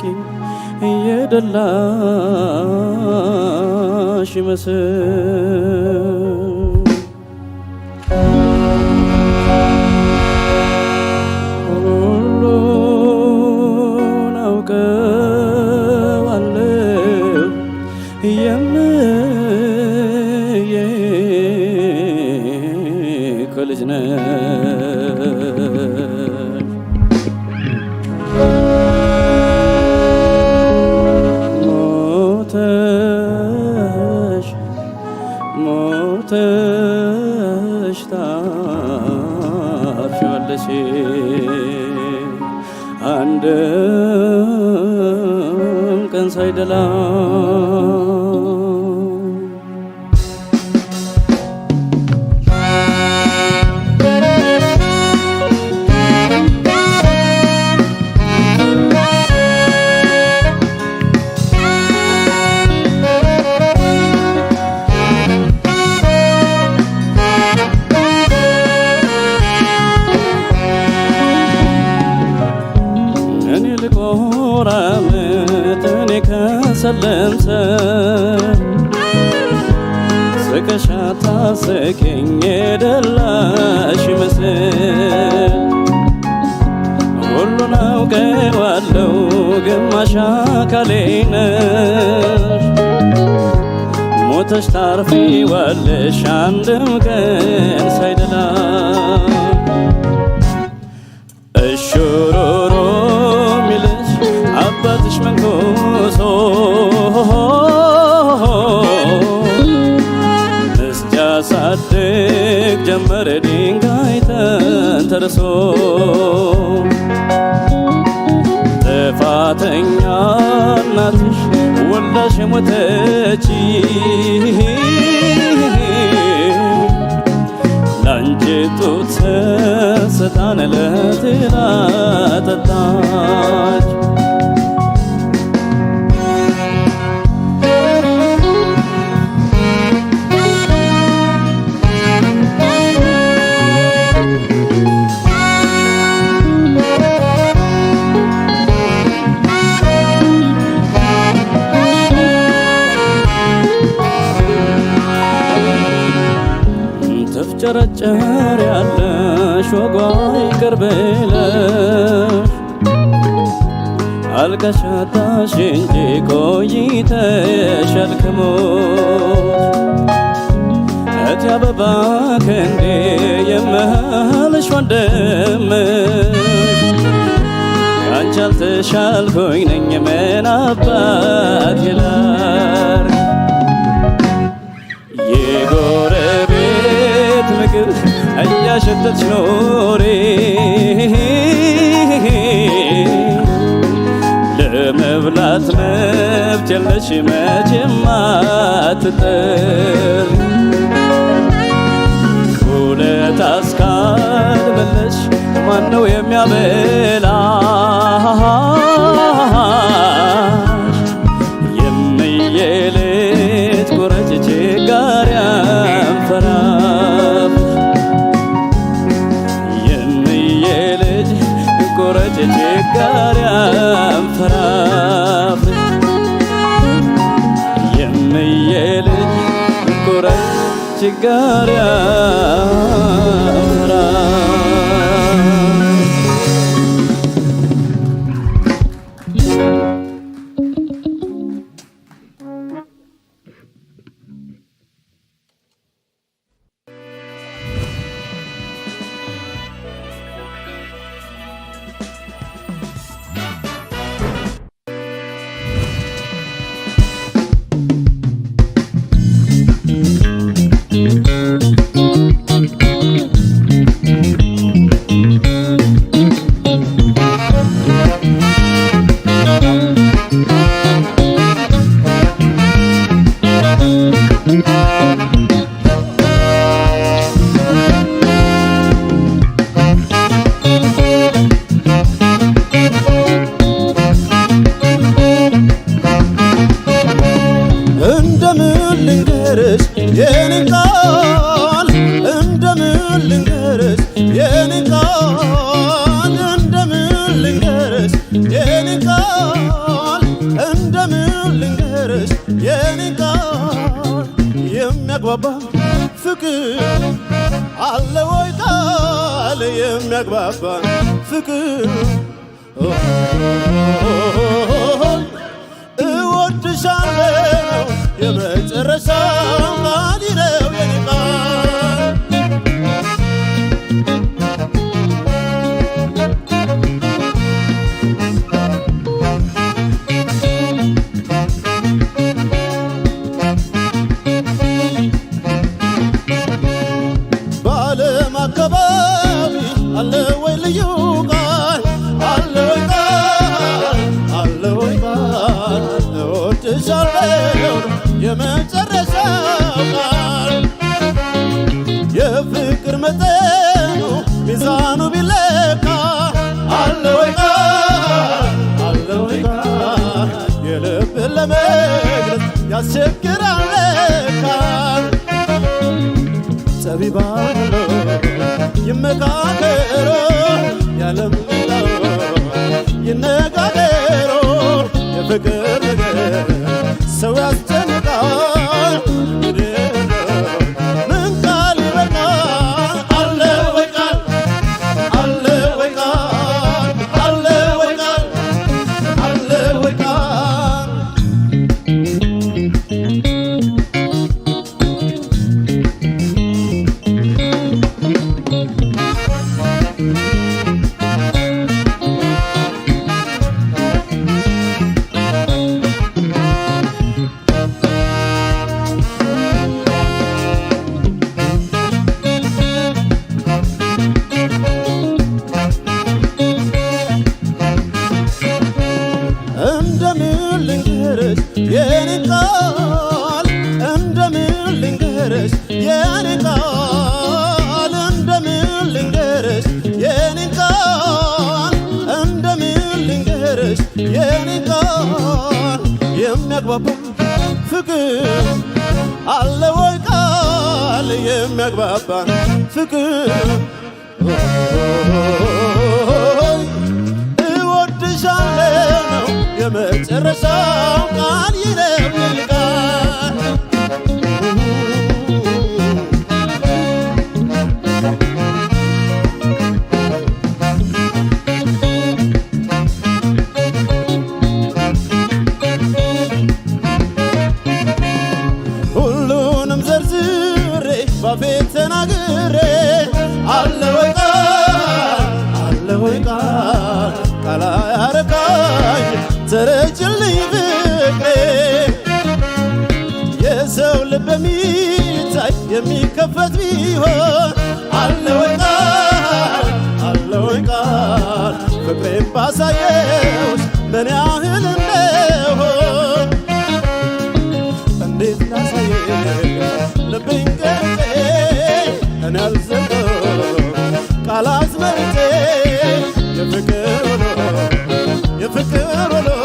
ፍቅር እየደላሽ ይመስል ሁሉን አውቀዋለሁ የምዬ ከልጅነት ብለሽ ታርፊዋለሽ። አንድም ቀን ሳይደላ ዓመት እኔ ከሰለምሰ ስቀሻታ ስቅኝ የደላሽ መስል ሁሉን አውቀዋለሁ ግማሽ አካሌ ነሽ ሞተሽ ዋለሽ አንድም ቀን ሳይደላ እሽሮሮ መንጉሶ ምስጃ ሳድግ ጀመረ ድንጋይ ተንተርሶ ጥፋተኛ እናትሽ ወልዳሽ ሞተች ላንቺ ጡት ሰጣን ዕለት ላጠጣች ጭር ያለሽ ወጓይ ቅርብለሽ አልከሻታሽ እንጂ ቆይተሽ አልከሞት እቴ አበባ ክንዴ የምልሽ ወንድምሽ አንቺ አልተሻልኩኝ ነኝ ምን አባት ይላል እያሸተች ኖሬ ለመብላት መብት የለሽ መቼም አትጥር ውለታስ ካልበለሽ ማነው የሚያበላ ችጋር ያምራል የሚያግባባ ፍቅር አለ ወይ ቃል የሚያግባባ ፍቅር እወድሻለሁ የመጨረሻ ማን የኔ ቃል ይመካከሮ ያለም ይነጋገሮ የፍቅር ነገር ሰው እንደምን ልንገርሽ የኔ ቃል እንደምን ልንገርሽ የኔ ቃል እንደምን ልንገርሽ የኔ ቃል እንደምን ልንገርሽ የኔ ቃል የሚያግባባ ፍቅር አለ ወይ ቃል የሚያግባባን ፍቅር so Severo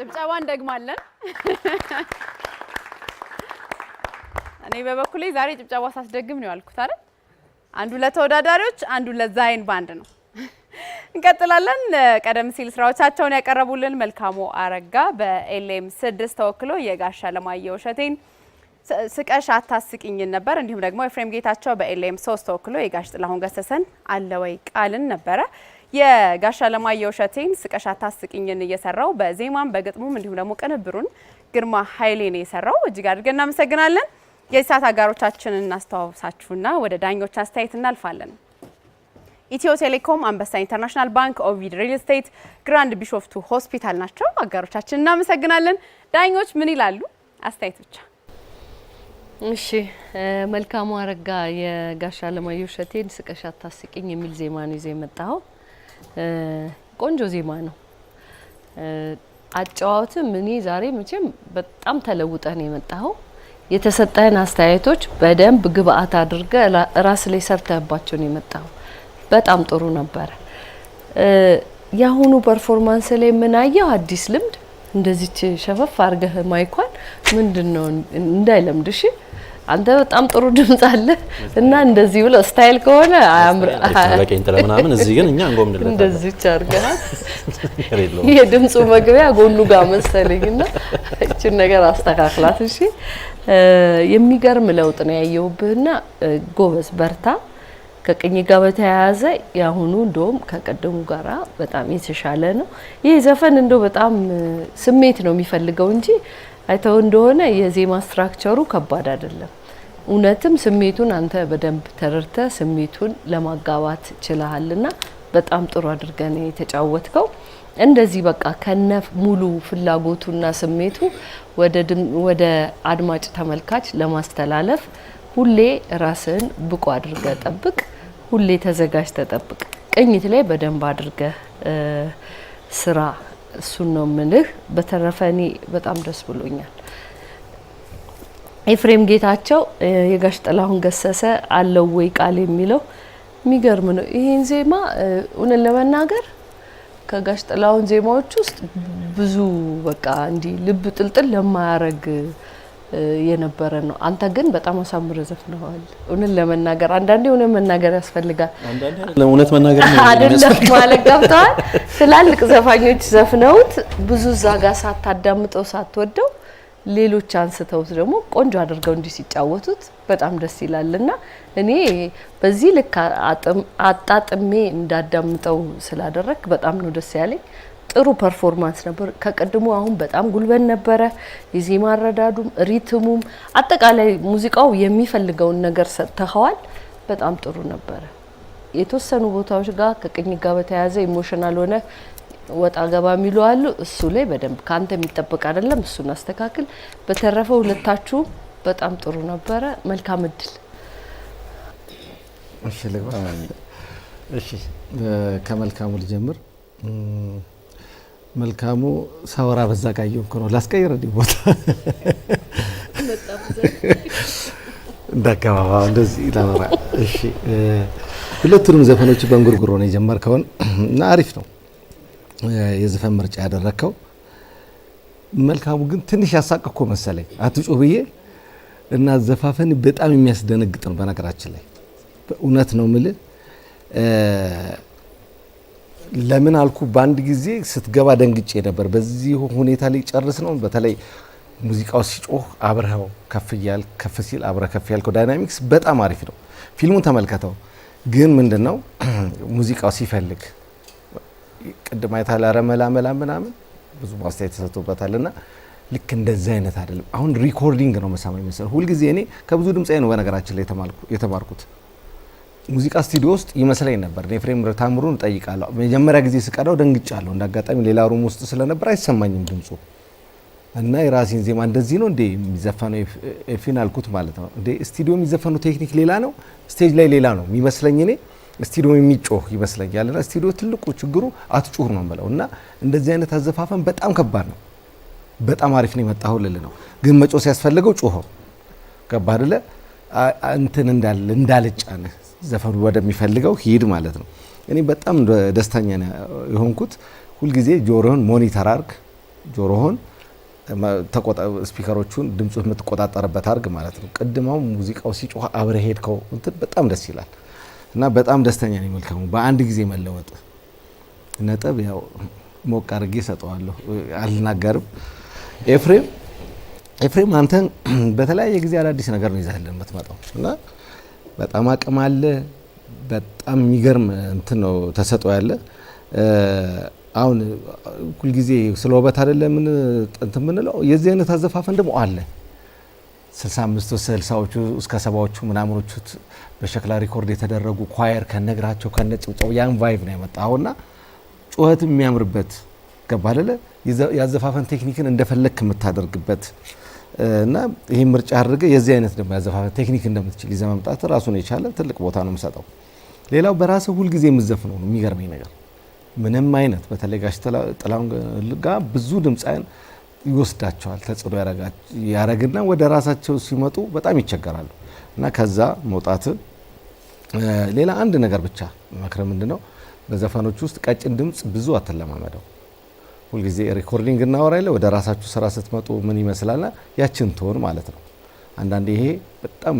ጭብጨባ እንደግማለን። እኔ በበኩሌ ዛሬ ጭብጨባ ሳስደግም ነው ያልኩት አይደል? አንዱ ለተወዳዳሪዎች፣ አንዱ ለዛይን ባንድ ነው። እንቀጥላለን። ቀደም ሲል ስራዎቻቸውን ያቀረቡልን መልካሙ አረጋ በኤልኤም ስድስት ተወክሎ የጋሻ ለማየሁ እሸቴን ስቀሽ አታስቂኝን ነበር። እንዲሁም ደግሞ ኤፍሬም ጌታቸው በኤልኤም ሶስት ተወክሎ የጋሽ ጥላሁን ገሰሰን አለወይ ቃልን ነበረ። የጋሽ አለማየሁ እሸቴን ስቀሻ ታስቅኝን እየሰራው በዜማም በግጥሙም እንዲሁም ደግሞ ቅንብሩን ግርማ ኃይሌ ነው የሰራው። እጅግ አድርገን እናመሰግናለን። የሰዓት አጋሮቻችንን እናስተዋውሳችሁና ወደ ዳኞች አስተያየት እናልፋለን። ኢትዮ ቴሌኮም፣ አንበሳ ኢንተርናሽናል ባንክ፣ ኦቪድ ሪል ስቴት፣ ግራንድ ቢሾፍቱ ሆስፒታል ናቸው አጋሮቻችን። እናመሰግናለን። ዳኞች ምን ይላሉ? አስተያየት ብቻ። እሺ መልካሙ አረጋ የጋሻ አለማየሁ እሸቴን ስቀሻ አታስቂኝ የሚል ዜማ ነው ይዞ የመጣኸው ቆንጆ ዜማ ነው። አጨዋወትም እኔ ዛሬ መቼም በጣም ተለውጠን ነው የመጣኸው። የተሰጠህን አስተያየቶች በደንብ ግብአት አድርገ ራስ ላይ ሰርተህባቸው የመጣው በጣም ጥሩ ነበረ። የአሁኑ ፐርፎርማንስ ላይ የምናየው አዲስ ልምድ እንደዚች ሸፈፍ አድርገህ ማይኳን ምንድን ነው እንዳይለምድሽ አንተ በጣም ጥሩ ድምጽ አለ እና እንደዚህ ብሎ ስታይል ከሆነ አያምር አይታለቀኝ ምናምን እዚህ ግን እኛ እንጎም እንደለታ እንደዚህ ብቻ አድርገናል። የድምጹ መግቢያ ጎኑ ጋር መሰለኝና እቺን ነገር አስተካክላት። እሺ የሚገርም ለውጥ ነው ያየውብህና ጎበዝ በርታ። ከቅኝ ጋር በተያያዘ የአሁኑ እንደውም ከቀደሙ ጋር በጣም የተሻለ ነው። ይህ ዘፈን እንደው በጣም ስሜት ነው የሚፈልገው እንጂ አይተው እንደሆነ የዜማ ስትራክቸሩ ከባድ አይደለም። እውነትም ስሜቱን አንተ በደንብ ተረድተ ስሜቱን ለማጋባት ችለሃልና በጣም ጥሩ አድርገን የተጫወትከው። እንደዚህ በቃ ከነ ሙሉ ፍላጎቱና ስሜቱ ወደ አድማጭ ተመልካች ለማስተላለፍ ሁሌ ራስን ብቁ አድርገ ጠብቅ። ሁሌ ተዘጋጅ ተጠብቅ። ቅኝት ላይ በደንብ አድርገ ስራ እሱን ነው ምልህ። በተረፈ እኔ በጣም ደስ ብሎኛል። ኤፍሬም ጌታቸው የጋሽ ጥላሁን ገሰሰ አለው ወይ ቃል የሚለው የሚገርም ነው። ይህን ዜማ እውነት ለመናገር ከጋሽ ጥላሁን ዜማዎች ውስጥ ብዙ በቃ እንዲህ ልብ ጥልጥል ለማያረግ የነበረ ነው። አንተ ግን በጣም አሳምረ ዘፍነዋል። እውነት ለመናገር አንዳንዴ የሆነ መናገር ያስፈልጋል። እውነት መናገር አይደለም ማለት ገብተዋል። ትላልቅ ዘፋኞች ዘፍነውት ብዙ እዛ ጋር ሳታዳምጠው ሳትወደው ሌሎች አንስተውት ደግሞ ቆንጆ አድርገው እንዲህ ሲጫወቱት በጣም ደስ ይላል። እና እኔ በዚህ ልክ አጣጥሜ እንዳዳምጠው ስላደረግ በጣም ነው ደስ ያለኝ። ጥሩ ፐርፎርማንስ ነበር። ከቀድሞ አሁን በጣም ጉልበት ነበረ። የዜማ አረዳዱም ሪትሙም፣ አጠቃላይ ሙዚቃው የሚፈልገውን ነገር ሰጥተኸዋል። በጣም ጥሩ ነበረ። የተወሰኑ ቦታዎች ጋር ከቅኝ ጋር በተያያዘ ኢሞሽናል ሆነ ወጣ ገባ የሚሉ አሉ። እሱ ላይ በደንብ ከአንተ የሚጠበቅ አይደለም፣ እሱን አስተካክል። በተረፈ ሁለታችሁም በጣም ጥሩ ነበረ። መልካም እድል። እሺ፣ ከመልካሙ ልጀምር። መልካሙ ሳወራ በዛ ቃየው እኮ ነው ላስቀይር እንዲህ ቦታ እንደ እንደዚህ ላወራ። እሺ ሁለቱንም ዘፈኖች በእንጉርጉሮ ነው የጀመርከውን እና አሪፍ ነው የዘፈን ምርጫ ያደረግከው። መልካሙ ግን ትንሽ ያሳቀኮ መሰለኝ አትጮህ ብዬ እና ዘፋፈን በጣም የሚያስደነግጥ ነው። በነገራችን ላይ እውነት ነው ምል ለምን አልኩ። በአንድ ጊዜ ስትገባ ደንግጬ ነበር። በዚህ ሁኔታ ላይ ጨርስ ነው። በተለይ ሙዚቃው ሲጮህ አብረው ከፍ እያል ከፍ ሲል አብረ ከፍ ያልከው ዳይናሚክስ በጣም አሪፍ ነው። ፊልሙን ተመልከተው። ግን ምንድን ነው ሙዚቃው ሲፈልግ ቅድም አይታል ረመላመላ ምናምን ብዙ ማስተያየት ተሰጥቶበታል እና ልክ እንደዚህ አይነት አይደለም። አሁን ሪኮርዲንግ ነው መሳማ ይመስል ሁልጊዜ እኔ ከብዙ ድምፃዊ ነው በነገራችን ላይ የተማርኩት ሙዚቃ ስቱዲዮ ውስጥ ይመስለኝ ነበር ኤፍሬም ታምሩን እጠይቃለሁ። መጀመሪያ ጊዜ ስቀዳው ደንግጫለሁ። እንዳጋጣሚ ሌላ ሩም ውስጥ ስለነበር አይሰማኝም ድምፁ እና የራሴን ዜማ እንደዚህ ነው እንዴ የሚዘፈነው ኤፍሬን አልኩት ማለት ነው። እንዴ ስቱዲዮ የሚዘፈነው ቴክኒክ ሌላ ነው፣ ስቴጅ ላይ ሌላ ነው የሚመስለኝ እኔ ስቱዲዮ የሚጮህ ይመስለኛል። እና ስቱዲዮ ትልቁ ችግሩ አትጩህ ነው ብለው እና እንደዚህ አይነት አዘፋፈን በጣም ከባድ ነው። በጣም አሪፍ ነው የመጣው ልል ነው፣ ግን መጮህ ሲያስፈልገው ጩኸው ገባ አይደለ እንትን እንዳልጫንህ ዘፈኑ ወደሚፈልገው ሂድ ማለት ነው። እኔ በጣም ደስተኛ የሆንኩት ሁልጊዜ ጆሮህን ሞኒተር አርግ፣ ጆሮህን ስፒከሮቹን ድምፁ የምትቆጣጠርበት አርግ ማለት ነው። ቅድመው ሙዚቃው ሲጮህ አብረ ሄድከው እንትን በጣም ደስ ይላል እና በጣም ደስተኛ ነው። መልካሙ በአንድ ጊዜ መለወጥ ነጥብ ያው ሞቅ አድርጌ ሰጠዋለሁ፣ አልናገርም። ኤፍሬም ኤፍሬም አንተን በተለያየ ጊዜ አዳዲስ ነገር ነው ይዛለን የምትመጣው እና በጣም አቅም አለ። በጣም የሚገርም እንትን ነው ተሰጦ ያለ አሁን ሁልጊዜ ስለ ውበት አይደለም እንትን የምንለው የዚህ አይነት አዘፋፈን ደግሞ አለ። 65 60ዎቹ እስከ ሰባዎቹ ምናምኖቹ በሸክላ ሪኮርድ የተደረጉ ኳየር ከነግራቸው ከነጭብጨው ያን ቫይቭ ነው የመጣ አሁና ጩኸት የሚያምርበት ገባ አይደለ ያዘፋፈን ቴክኒክን እንደፈለክ የምታደርግበት እና ይህ ምርጫ አድርገ የዚህ አይነት ደግሞ ያዘፋፈ ቴክኒክ እንደምትችል ይዘ መምጣት ራሱን የቻለ ትልቅ ቦታ ነው የምሰጠው። ሌላው በራስ ሁልጊዜ የምዘፍነው ነው የሚገርመኝ ነገር ምንም አይነት በተለይ ጋሽ ጥላሁን ጋር ብዙ ድምፃያን ይወስዳቸዋል ተጽዕኖ ያረግና ወደ ራሳቸው ሲመጡ በጣም ይቸገራሉ። እና ከዛ መውጣት ሌላ አንድ ነገር ብቻ መክረ ምንድነው በዘፈኖች ውስጥ ቀጭን ድምፅ ብዙ አትለማመደው። ሁልጊዜ ሪኮርዲንግ እናወራ የለ ወደ ራሳችሁ ስራ ስትመጡ ምን ይመስላል ያችን ትሆን ማለት ነው። አንዳንድ ይሄ በጣም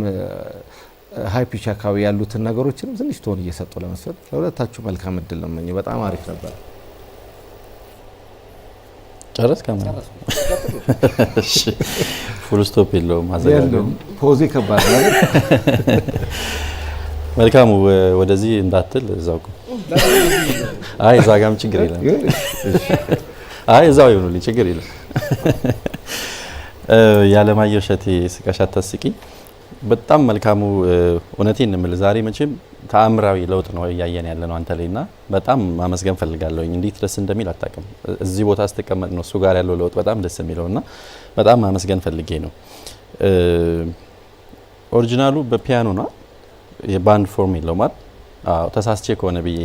ሀይ ፒች አካባቢ ያሉትን ነገሮችንም ትንሽ ትሆን እየሰጡ ለመስፈት ለሁለታችሁ መልካም እድል ነው። በጣም አሪፍ ነበር። ጨረስ ፉል ስቶፕ የለውም። ፖዜ ከባድ ነው። መልካሙ ወደዚህ እንዳትል እዛው አይ እዛ ጋም ችግር የለም። አይ እዛው ይሁኑልኝ፣ ችግር የለም። ያለማየሁ እሸቴ ስቀሽ አታስቂኝ። በጣም መልካሙ እውነቴን እንምል ዛሬ መቼም ተአምራዊ ለውጥ ነው እያየን ያለ ነው አንተ ላይ በጣም ማመስገን ፈልጋለሁ። እንዴት ደስ እንደሚል አታውቅም። እዚህ ቦታ ስትቀመጥ ነው እሱ ጋር ያለው ለውጥ በጣም ደስ የሚለው በጣም ማመስገን ፈልጌ ነው። ኦሪጂናሉ በፒያኖ ና የባንድ ፎርም የለው። ተሳስቼ ከሆነ ብዬ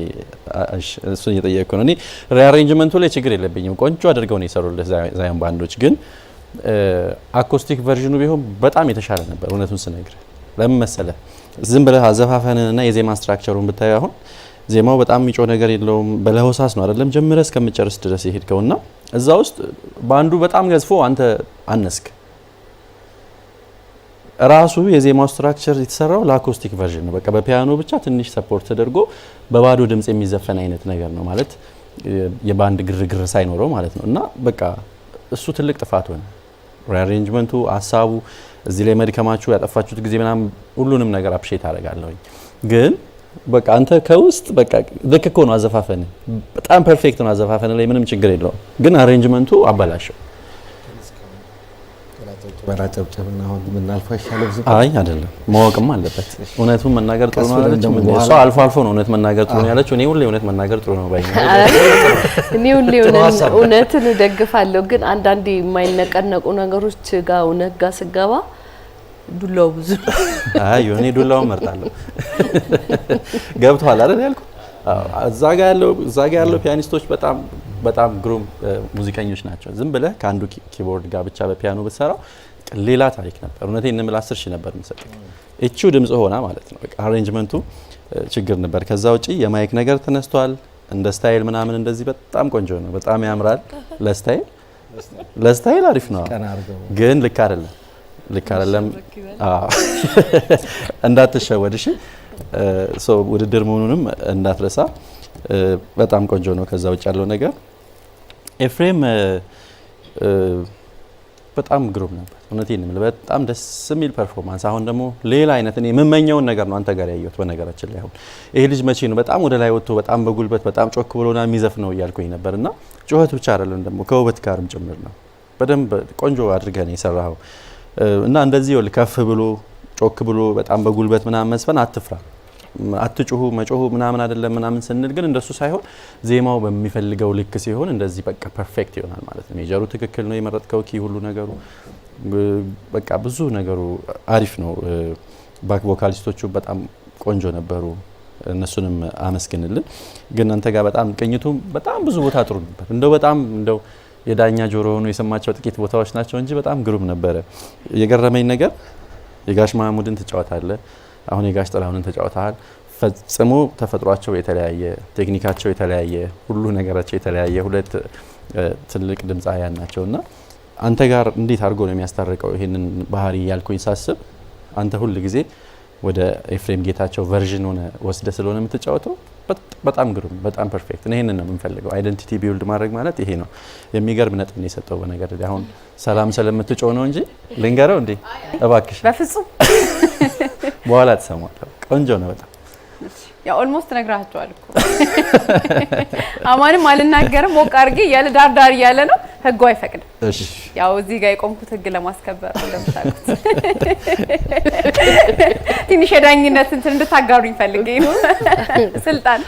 እሱን እየጠየቅኩ ነው። እኔ ሪአሬንጅመንቱ ላይ ችግር የለብኝም። ቆንጆ አድርገው ነው የሰሩልህ ዛያን ባንዶች። ግን አኮስቲክ ቨርዥኑ ቢሆን በጣም የተሻለ ነበር። እውነቱን ስነግር ለምን መሰለህ ዝም ብለህ አዘፋፈንንና የዜማ ስትራክቸሩን ብታዩ አሁን ዜማው በጣም የሚጮ ነገር የለውም። በለሆሳስ ነው አይደለም ጀምረ እስከምጨርስ ድረስ የሄድከውና እዛ ውስጥ በአንዱ በጣም ገዝፎ አንተ አነስክ። ራሱ የዜማው ስትራክቸር የተሰራው ለአኮስቲክ ቨርዥን ነው። በቃ በፒያኖ ብቻ ትንሽ ሰፖርት ተደርጎ በባዶ ድምጽ የሚዘፈን አይነት ነገር ነው ማለት የባንድ ግርግር ሳይኖረው ማለት ነው። እና በቃ እሱ ትልቅ ጥፋት ሆነ። ሪአሬንጅመንቱ፣ ሀሳቡ እዚህ ላይ መድከማችሁ ያጠፋችሁት ጊዜ ምናምን ሁሉንም ነገር አፕሼት አደርጋለሁኝ። ግን በቃ አንተ ከውስጥ በቃ ልክ እኮ ነው አዘፋፈን፣ በጣም ፐርፌክት ነው አዘፋፈን ላይ ምንም ችግር የለውም። ግን አሬንጅመንቱ አበላሸው። በራጨብጨብና አሁን ምናልፎ አይሻለም? አይ አይደለም፣ ማወቅም አለበት። እውነቱን መናገር ጥሩ ነው ያለች እሷ። አልፎ አልፎ ነው እውነት መናገር ጥሩ ነው ያለችው። እኔ ሁሌ እውነት መናገር ጥሩ ነው ባይ፣ እኔ ሁሌ እውነትን እደግፋለሁ። ግን አንዳንዴ የማይነቀነቁ ነገሮች ጋር እውነት ጋር ስገባ ዱላው ብዙ አይ እኔ ዱላውን መርጣለሁ። ገብቶሃል አይደል ያልኩ እዛ ጋ ያለው ፒያኒስቶች በጣም በጣም ግሩም ሙዚቀኞች ናቸው። ዝም ብለህ ከአንዱ ኪቦርድ ጋር ብቻ በፒያኖ ብትሰራው ሌላ ታሪክ ነበር። እውነቴን እንምል አስር ሺህ ነበር የምሰጥ እቺው ድምጽ ሆና ማለት ነው። አሬንጅመንቱ ችግር ነበር። ከዛ ውጪ የማይክ ነገር ተነስቷል። እንደ ስታይል ምናምን እንደዚህ በጣም ቆንጆ ነው። በጣም ያምራል። ለስታይል ለስታይል አሪፍ ነው፣ ግን ልክ አይደለም። ልክ አይደለም። እንዳትሸወድ እሺ። ውድድር መሆኑንም እንዳትረሳ። በጣም ቆንጆ ነው። ከዛ ውጭ ያለው ነገር ኤፍሬም በጣም ግሩም ነበር። እውነቴን ነው። በጣም ደስ የሚል ፐርፎርማንስ። አሁን ደግሞ ሌላ አይነት እኔ የምመኘውን ነገር ነው አንተ ጋር ያየሁት። በነገራችን ላይ አሁን ይሄ ልጅ መቼ ነው በጣም ወደ ላይ ወጥቶ በጣም በጉልበት በጣም ጮክ ብሎና የሚዘፍ ነው እያልኩኝ ነበር። እና ጩኸት ብቻ አይደለም ደግሞ ከውበት ጋርም ጭምር ነው። በደንብ ቆንጆ አድርገን ነው የሰራኸው። እና እንደዚህ ከፍ ብሎ ጮክ ብሎ በጣም በጉልበት ምናምን መዝፈን አትፍራ። አትጩሁ መጮሁ ምናምን አይደለም ምናምን ስንል ግን እንደሱ ሳይሆን ዜማው በሚፈልገው ልክ ሲሆን እንደዚህ በቃ ፐርፌክት ይሆናል ማለት ነው። ሜጀሩ ትክክል ነው የመረጥከው ኪ ሁሉ ነገሩ በቃ ብዙ ነገሩ አሪፍ ነው። ባክ ቮካሊስቶቹ በጣም ቆንጆ ነበሩ። እነሱንም አመስግንልን። ግን አንተ ጋር በጣም ቅኝቱም በጣም ብዙ ቦታ ጥሩ ነበር። እንደው በጣም እንደው የዳኛ ጆሮ ሆኖ የሰማቸው ጥቂት ቦታዎች ናቸው እንጂ በጣም ግሩም ነበረ። የገረመኝ ነገር የጋሽ ማህሙድን ትጫወታለህ አሁን የጋሽ ጥላሁንን ተጫውተሃል። ፈጽሞ ተፈጥሯቸው የተለያየ፣ ቴክኒካቸው የተለያየ፣ ሁሉ ነገራቸው የተለያየ ሁለት ትልቅ ድምፃውያን ናቸው እና አንተ ጋር እንዴት አድርጎ ነው የሚያስታርቀው ይህንን ባህሪ ያልኩኝ ሳስብ አንተ ሁል ጊዜ ወደ ኤፍሬም ጌታቸው ቨርዥን ሆነ ወስደ ስለሆነ የምትጫወተው በጣም ግሩም፣ በጣም ፐርፌክት። ይህንን ነው የምንፈልገው። አይደንቲቲ ቢውልድ ማድረግ ማለት ይሄ ነው። የሚገርም ነጥብ ነው የሰጠው። በነገር አሁን ሰላም ስለምትጮ ነው እንጂ ልንገረው እንዴ እባክሽ በፍጹም በኋላ ተሰማለሁ። ቆንጆ ነው በጣም ያው ኦልሞስት ነግራቸዋል እኮ አማንም አልናገርም ሞቅ አድርጌ እያለ ዳርዳር እያለ ነው። ህጉ አይፈቅድም። ያው እዚህ ጋር የቆምኩት ህግ ለማስከበር ነው። እንደምታውቁት ትንሽ የዳኝነት እንትን እንድታጋሩኝ ፈልጌ ነው ስልጣን።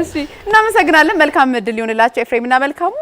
እሺ፣ እናመሰግናለን። መልካም እድል ሊሆንላቸው ኤፍሬም እና መልካሙ